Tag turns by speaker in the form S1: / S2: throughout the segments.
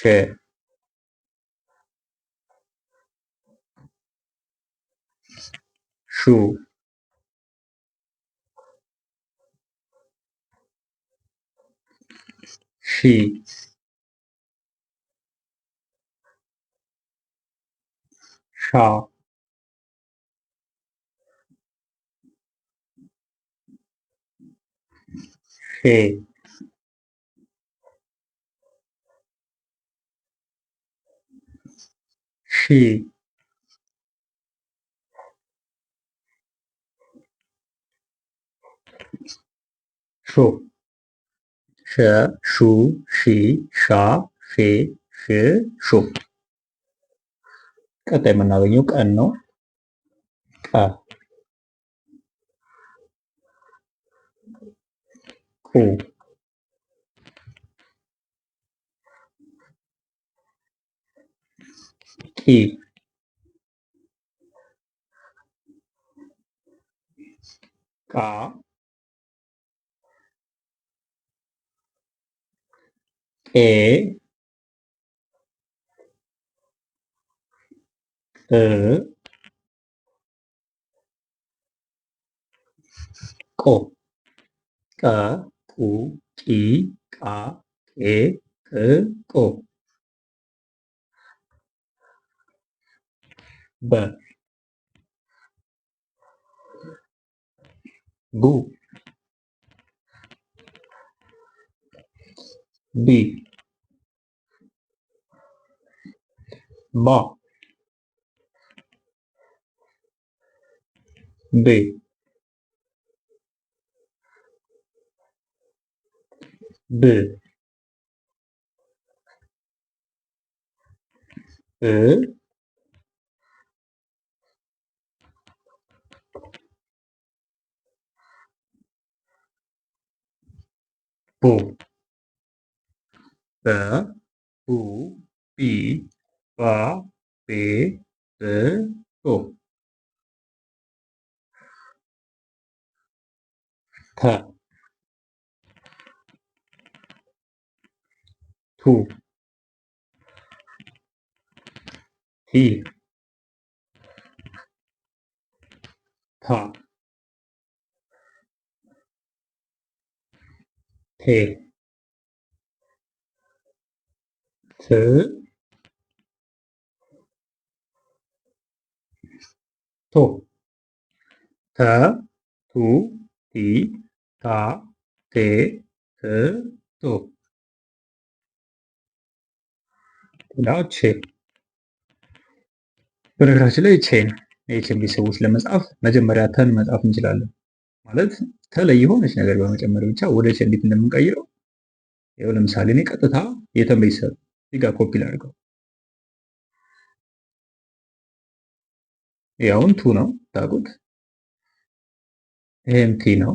S1: 切，数，西，少，嘿。পাখি শো সা সু সি সা সে সে শো kata yang menariknya kan no a thì có thể ở cổ cỡ cú trí có thể ở Bird. Go. Be. Bo. Be. B. Ö. 不得不必发别得不可吐替他。ቴ ት ቶ ተ ቱ ቲ ታ ቴ ት ቶ ሌላው ቼ በነገራችን ላይ ቼን የቼን ቤተሰቦች ለመጻፍ መጀመሪያ ተን መጻፍ እንችላለን። ማለት ተለይ የሆነች ነገር በመጨመር ብቻ ወደ ሸ እንዴት እንደምንቀይረው ይኸው ለምሳሌ እኔ ቀጥታ የተን ቤተሰብ እዚህ ኮፒ ላድርገው። ያውን ቱ ነው ታውቁት። ይሄም ቲ ነው።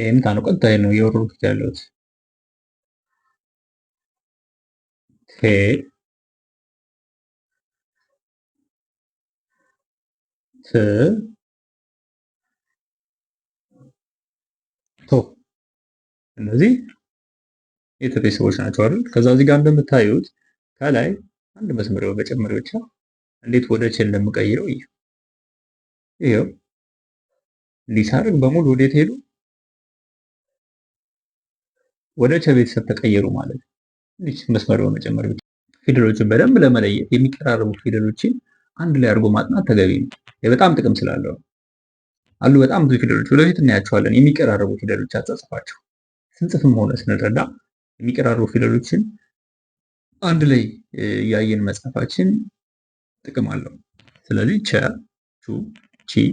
S1: ይሄም ታ ነው። ቀጥታ ነው የወረድኩት ያለሁት ቴ ት ቶ እነዚህ የተ ቤተሰቦች ናቸው አይደል? ከዛ እዚህ ጋር እንደምታዩት ከላይ አንድ መስመር በመጨመር ብቻ እንዴት ወደ ቸ እንደምቀይረው እዩ። ይሄው እንዲህ ሳደርግ በሙሉ ወዴት ሄዱ? ወደ ቸ ቤተሰብ ተቀየሩ ማለት ነው። እንዲህ መስመር በመጨመር ብቻ ፊደሎችን በደንብ ለመለየት የሚቀራረቡ ፊደሎችን አንድ ላይ አድርጎ ማጥናት ተገቢ ነው። በጣም ጥቅም ስላለው አሉ። በጣም ብዙ ፊደሎች ወደፊት እናያቸዋለን። የሚቀራረቡ ፊደሎች አጻጽፋቸው ስንጽፍም ሆነ ስንረዳ የሚቀራረቡ ፊደሎችን አንድ ላይ እያየን መጽሐፋችን ጥቅም አለው። ስለዚህ ቸ፣ ቹ፣ ቺ፣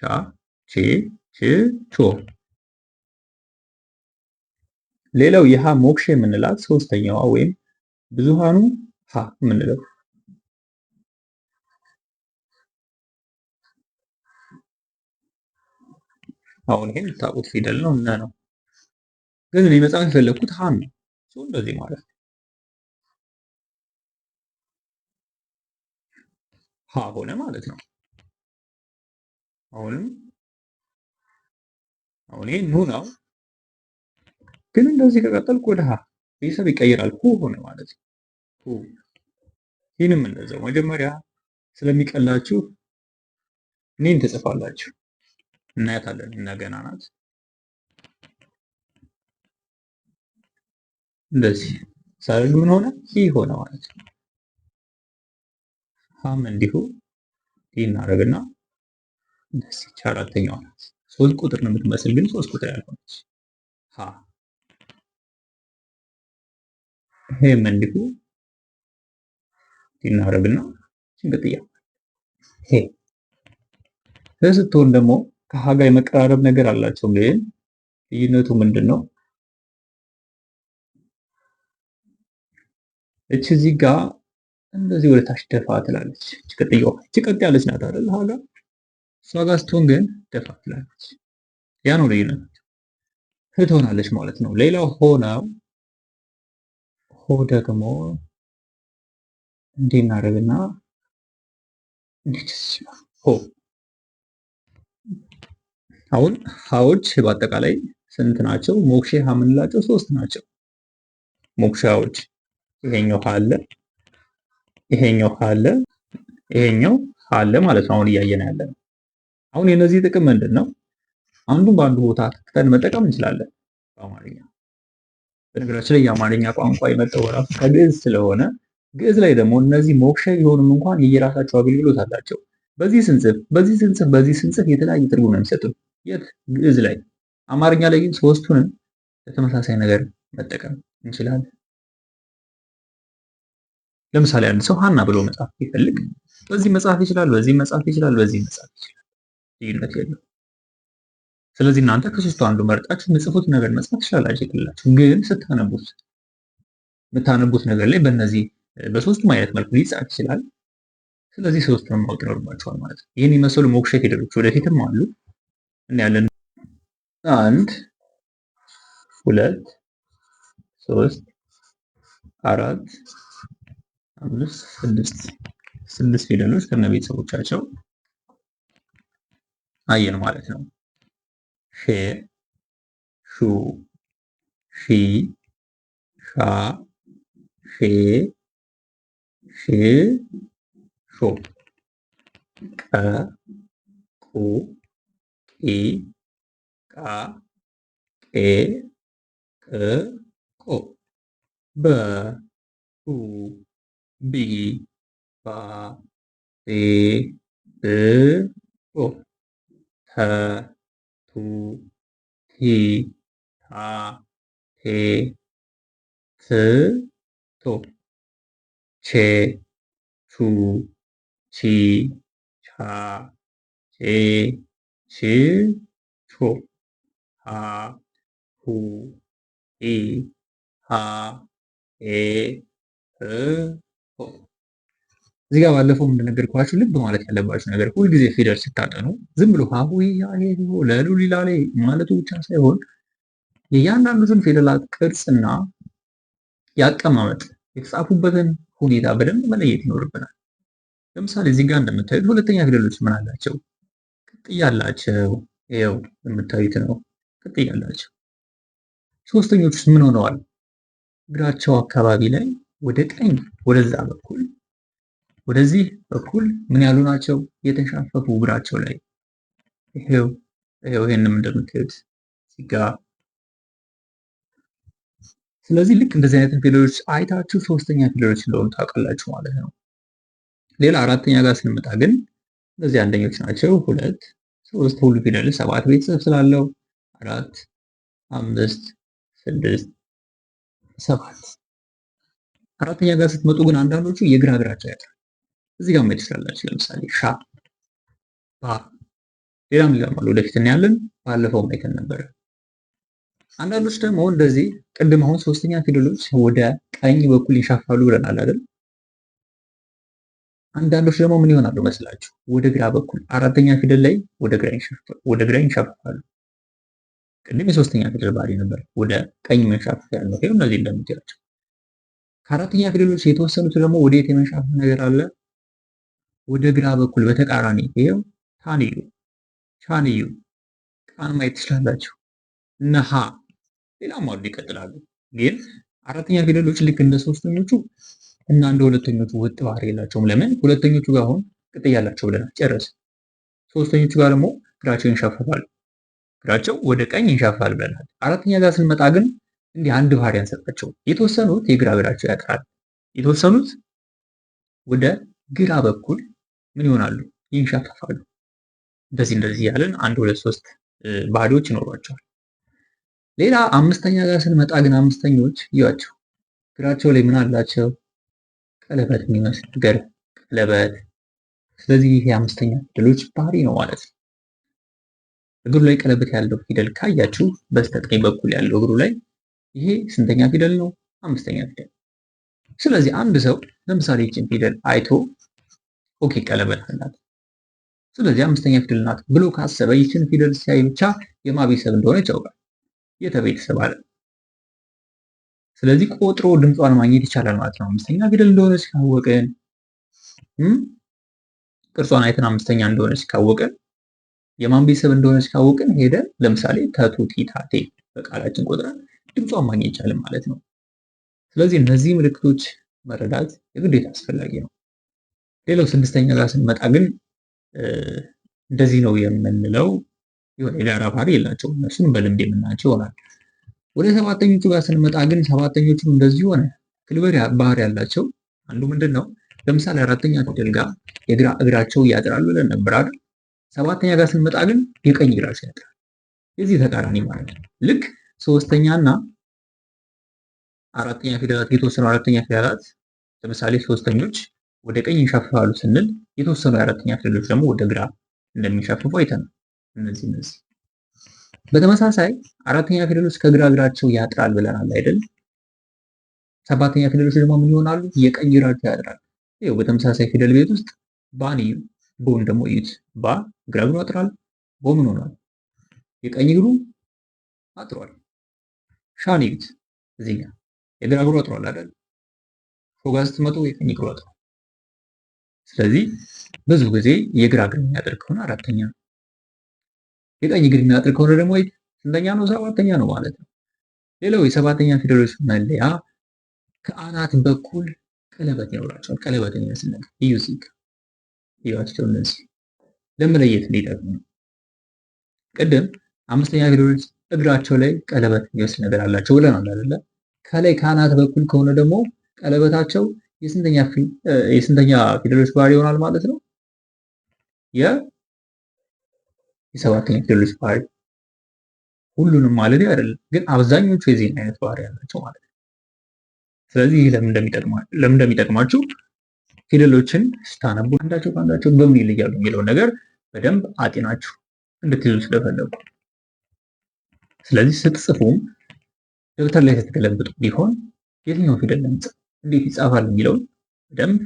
S1: ቻ፣ ቼ፣ ች፣ ቾ። ሌላው የሃ ሞክሼ የምንላት ሶስተኛዋ ወይም ብዙሃኑ ሃ የምንለው አሁን ይሄ የምታውቁት ፊደል ነው እና ነው ግን እኔ መጽሐፍ የፈለግኩት ሀን ነው። እንደዚህ ማለት ነው። ሀ ሆነ ማለት ነው። አሁንም አሁን ይሄ ኑ ነው፣ ግን እንደዚህ ከቀጠልኩ ወደ ሀ ቤተሰብ ይቀይራል። ሁ ሆነ ማለት ነው። ሁ ይህንም እንደዛው መጀመሪያ ስለሚቀላችሁ እኔን ትጽፋላችሁ። እናያታለን። እና ገና ናት። እንደዚህ ሳይሆን ምን ሆነ? ይህ ሆነ ማለት ነው። ሀም እንዲሁ ይህ እናደርግና እንደዚህ አራተኛዋ ናት። ሶስት ቁጥር ነው የምትመስል ግን ሶስት ቁጥር ያልሆነች ሀ። ይህም እንዲሁ ይህ እናደርግና ችንቅጥያ ሄ ስትሆን ደግሞ ከሀ ጋር የመቀራረብ ነገር አላቸው ግን ልዩነቱ ምንድን ነው? እች እዚህ ጋ እንደዚህ ወደ ታች ደፋ ትላለች። እች ቀጥየዋ እች ቀጥ ያለች ናት አይደል? ሀ እሷ ጋ ስትሆን ግን ደፋ ትላለች። ያ ነው ልዩነቱ። ህ ትሆናለች ማለት ነው። ሌላው ሆነው ሆ ደግሞ እንዲህ እናደርግና እንዲህ ሆ አሁን ሀዎች በአጠቃላይ ስንት ናቸው? ሞክሼ ሀ የምንላቸው ሶስት ናቸው። ሞክሼ ሀዎች ይሄኛው ሀ አለ፣ ይሄኛው ሀ አለ፣ ይሄኛው ሀ አለ ማለት ነው። አሁን እያየን ያለ ነው። አሁን የነዚህ ጥቅም ምንድን ነው? አንዱን በአንዱ ቦታ ተክተን መጠቀም እንችላለን በአማርኛ። በነገራችን ላይ የአማርኛ ቋንቋ የመጣው በራሱ ከግዕዝ ስለሆነ ግዕዝ ላይ ደግሞ እነዚህ ሞክሼ ቢሆኑም እንኳን የየራሳቸው አገልግሎት አላቸው። በዚህ ስንጽፍ በዚህ ስንጽፍ በዚህ ስንጽፍ የተለያየ ትርጉም ነው የሚሰጡት። የት ግዕዝ ላይ። አማርኛ ላይ ግን ሶስቱንም ለተመሳሳይ ነገር መጠቀም እንችላለን። ለምሳሌ አንድ ሰው ሀና ብሎ መጻፍ ቢፈልግ በዚህ መጻፍ ይችላል፣ በዚህ መጻፍ ይችላል፣ በዚህ መጻፍ ይችላል። ልዩነት የለው። ስለዚህ እናንተ ከሶስቱ አንዱ መርጣችሁ የምጽፉት ነገር መጻፍ ትችላላችሁ ይችላላችሁ። ግን ስታነቡት የምታነቡት ነገር ላይ በእነዚህ በሶስቱ አይነት መልኩ ሊጻፍ ይችላል። ስለዚህ ሶስቱን ማወቅ ይኖርባችኋል ማለት ነው። ይህን የመሰሉ ሞክሼት ሄደሮች ወደፊትም አሉ። እናያለን። አንድ ሁለት ሶስት አራት አምስት ስድስት ስድስት ፊደሎች ከነ ቤተሰቦቻቸው አየን ማለት ነው። ሼ ሹ ሺ ሻ ሼ ሼ ሾ ቀ ቁ ቂ ቃ ቄ ቅ ቆ በ ቡ ቢ ባ ቤ ብ ቦ ተ ቱ ቲ ታ ቴ ት ቶ ቼ ቹ ቺ ቻ ቼ ች ቾ ሀ ሁ ሂ ሃ ሄ ህ ሆ እዚህ ጋር ባለፈው እንደነገርኳችሁ ልብ ማለት ያለባችሁ ነገር ሁልጊዜ ፊደል ስታጠኑ ዝም ብሎ ሀሁ ያ ለሉ ሊላ ማለቱ ብቻ ሳይሆን የእያንዳንዱትን ፊደላት ቅርጽና ያቀማመጥ የተጻፉበትን ሁኔታ በደንብ መለየት ይኖርብናል። ለምሳሌ እዚህ ጋር እንደምታዩት ሁለተኛ ፊደሎች ምን አላቸው? ቅጥያ አላቸው። ይኸው የምታዩት ነው ቅጥያ አላቸው። ሶስተኞቹስ ምን ሆነዋል? እግራቸው አካባቢ ላይ ወደ ቀኝ ወደዛ በኩል ወደዚህ በኩል ምን ያሉ ናቸው? የተንሻፈፉ እግራቸው ላይ ይሄው ይሄው ይሄንም እንደምታዩት ሲጋ ስለዚህ ልክ እንደዚህ አይነት ፊደሎች አይታችሁ ሶስተኛ ፊደሎች እንደሆኑ ታውቃላችሁ ማለት ነው። ሌላ አራተኛ ጋር ስንመጣ ግን እነዚህ አንደኞች ናቸው። ሁለት ሶስት ሁሉ ፊደል ሰባት ቤተሰብ ስላለው አራት አምስት ስድስት ሰባት አራተኛ ጋር ስትመጡ ግን አንዳንዶቹ የግራ እግራቸው ያጥራል። እዚህ ጋር መሄድ ትችላላችሁ። ለምሳሌ ሻ ባ ሌላም ሌላም አሉ። ወደፊት እናያለን። ባለፈው ማየትን ነበረ። አንዳንዶች ደግሞ እንደዚህ ቅድም አሁን ሶስተኛ ፊደሎች ወደ ቀኝ በኩል ይንሻፋሉ ብለናል አይደል? አንዳንዶች ደግሞ ምን ይሆናሉ መስላችሁ? ወደ ግራ በኩል አራተኛ ፊደል ላይ ወደ ግራ ይንሻፈፋሉ። ቅድም የሶስተኛ ፊደል ባህሪ ነበር፣ ወደ ቀኝ መንሻፈፍ ያለው ይሄው። እነዚህ እንደምታያቸው ከአራተኛ ፊደሎች የተወሰኑት ደግሞ ወደ የት የመንሻፈፍ ነገር አለ? ወደ ግራ በኩል በተቃራኒ ይሄው። ታንዩ ቻንዩ ቃን ማየት ትችላላችሁ። ነሃ ሌላ ሌላም አሉ ይቀጥላሉ። ግን አራተኛ ፊደሎች ልክ እንደ ሶስተኞቹ እና እንደ ሁለተኞቹ ወጥ ባህሪ የላቸውም። ለምን ሁለተኞቹ ጋር አሁን ቅጥያ ያላቸው ብለናል፣ ጨረስ። ሶስተኞቹ ጋር ደግሞ እግራቸው ይንሻፈፋል፣ እግራቸው ወደ ቀኝ ይንሻፈፋል ብለናል። አራተኛ ጋር ስንመጣ ግን እንዲህ አንድ ባህሪ አንሰጣቸው። የተወሰኑት የግራ እግራቸው ያጥራል፣ የተወሰኑት ወደ ግራ በኩል ምን ይሆናሉ? ይንሻፈፋሉ። እንደዚህ እንደዚህ ያለን አንድ ሁለት ሶስት ባህሪዎች ይኖሯቸዋል። ሌላ አምስተኛ ጋር ስንመጣ ግን አምስተኞች ይዋቸው ግራቸው ላይ ምን አላቸው? ቀለበት የሚመስል ነገር ቀለበት። ስለዚህ ይሄ የአምስተኛ ፊደሎች ባህሪ ነው ማለት ነው። እግሩ ላይ ቀለበት ያለው ፊደል ካያችሁ በስተቀኝ በኩል ያለው እግሩ ላይ ይሄ ስንተኛ ፊደል ነው? አምስተኛ ፊደል። ስለዚህ አንድ ሰው ለምሳሌ ይችን ፊደል አይቶ ኦኬ ቀለበት አላት፣ ስለዚህ አምስተኛ ፊደል ናት ብሎ ካሰበ ይችን ፊደል ሲያይ ብቻ የማ ቤተሰብ እንደሆነ ይታወቃል። የተቤተሰብ አለ ስለዚህ ቆጥሮ ድምጿን ማግኘት ይቻላል ማለት ነው። አምስተኛ ፊደል እንደሆነች ሲካወቅን፣ ቅርጿን አይተን አምስተኛ እንደሆነች ሲካወቅን፣ የማን ቤተሰብ እንደሆነች ካወቅን ሄደን ለምሳሌ ተቱ ቲታቴ በቃላችን ቆጥረን ድምጿን ማግኘት ይቻላል ማለት ነው። ስለዚህ እነዚህ ምልክቶች መረዳት የግዴታ አስፈላጊ ነው። ሌላው ስድስተኛ ጋር ስንመጣ ግን እንደዚህ ነው የምንለው የሆነ የጋራ ባህሪ የላቸው እነሱን በልምድ የምናቸው ይሆናል። ወደ ሰባተኞቹ ጋር ስንመጣ ግን ሰባተኞቹ እንደዚህ ሆነ ክልበር ባህሪ ያላቸው አንዱ ምንድን ነው? ለምሳሌ አራተኛ ፊደል ጋር የግራ እግራቸው ያጥራሉ ብለን ነበር አይደል? ሰባተኛ ጋር ስንመጣ ግን የቀኝ እግራቸው ያጥራል። የዚህ ተቃራኒ ማለት ነው። ልክ ሶስተኛ እና አራተኛ ፊደላት የተወሰኑ አራተኛ ፊደላት ለምሳሌ ሶስተኞች ወደ ቀኝ ይንሻፍፋሉ ስንል የተወሰኑ የአራተኛ ፊደሎች ደግሞ ወደ ግራ እንደሚንሻፍፉ አይተናል። እነዚህ እነዚህ በተመሳሳይ አራተኛ ፊደሎች ከግራ እግራቸው ያጥራል ብለናል አይደል? ሰባተኛ ፊደሎች ደግሞ ምን ይሆናሉ? የቀኝ እግራቸው ያጥራል። ይኸው በተመሳሳይ ፊደል ቤት ውስጥ ባን እዩ። ቦን ደግሞ እዩት። ባ ግራ እግሩ ያጥራል። ቦ ምን ሆኗል? የቀኝ እግሩ አጥሯል። ሻን እዩት። እዚኛ የግራ እግሩ አጥሯል አይደል? ሾጋ ስትመጡ የቀኝ እግሩ አጥሯል። ስለዚህ ብዙ ጊዜ የግራ እግር የሚያጥር ከሆነ አራተኛ የቀኝ እግር የሚያጥር ከሆነ ደግሞ ስንተኛ ነው? ሰባተኛ ነው ማለት ነው። ሌላው የሰባተኛ ፊደሎች መለያ ከአናት በኩል ቀለበት ይኖራቸዋል። ቀለበት የሚመስል ነገር እዩ። እዚህ እዩዋቸው። እነዚህ ለመለየት እንዲጠቅሙ ነው። ቅድም አምስተኛ ፊደሎች እግራቸው ላይ ቀለበት የሚመስል ነገር አላቸው ብለናል አይደለ? ከላይ ከአናት በኩል ከሆነ ደግሞ ቀለበታቸው የስንተኛ ፊደሎች ባህሪ ይሆናል ማለት ነው? የሰባተኛ ፊደሎች ባህሪ ሁሉንም ማለት አይደለም፣ ግን አብዛኞቹ የዜና አይነት ባህሪ ያላቸው ማለት ነው። ስለዚህ ይህ ለምን እንደሚጠቅማችሁ ፊደሎችን ስታነቡ አንዳቸው ከአንዳቸው በምን ይለያሉ የሚለውን ነገር በደንብ አጤናችሁ እንድትይዙ ስለፈለጉ ስለዚህ ስትጽፉም ደብተር ላይ ስትገለብጡ ቢሆን የትኛው ፊደል ለመጻፍ እንዴት ይጻፋል የሚለውን በደንብ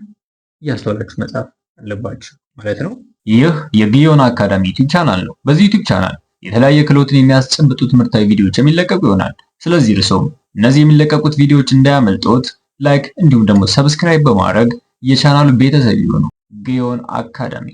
S1: እያስተዋላችሁ መጻፍ አለባችሁ ማለት ነው። ይህ የቢዮን አካዳሚ ዩቲዩብ ቻናል ነው። በዚህ ዩቲዩብ ቻናል የተለያየ ክህሎትን የሚያስጨብጡ ትምህርታዊ ቪዲዮዎች የሚለቀቁ ይሆናል። ስለዚህ እርስዎም እነዚህ የሚለቀቁት ቪዲዮዎች እንዳያመልጦት ላይክ እንዲሁም ደግሞ ሰብስክራይብ በማድረግ የቻናሉ ቤተሰብ ይሆኑ። ቢዮን አካዳሚ